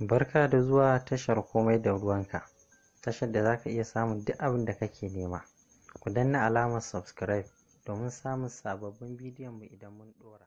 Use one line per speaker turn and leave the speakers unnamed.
Barka da zuwa tashar komai da ruwanka, tashar da zaka iya samun duk abin da kake nema. Ku danna alamar subscribe domin samun sababbin bidiyon mu idan mun ɗora.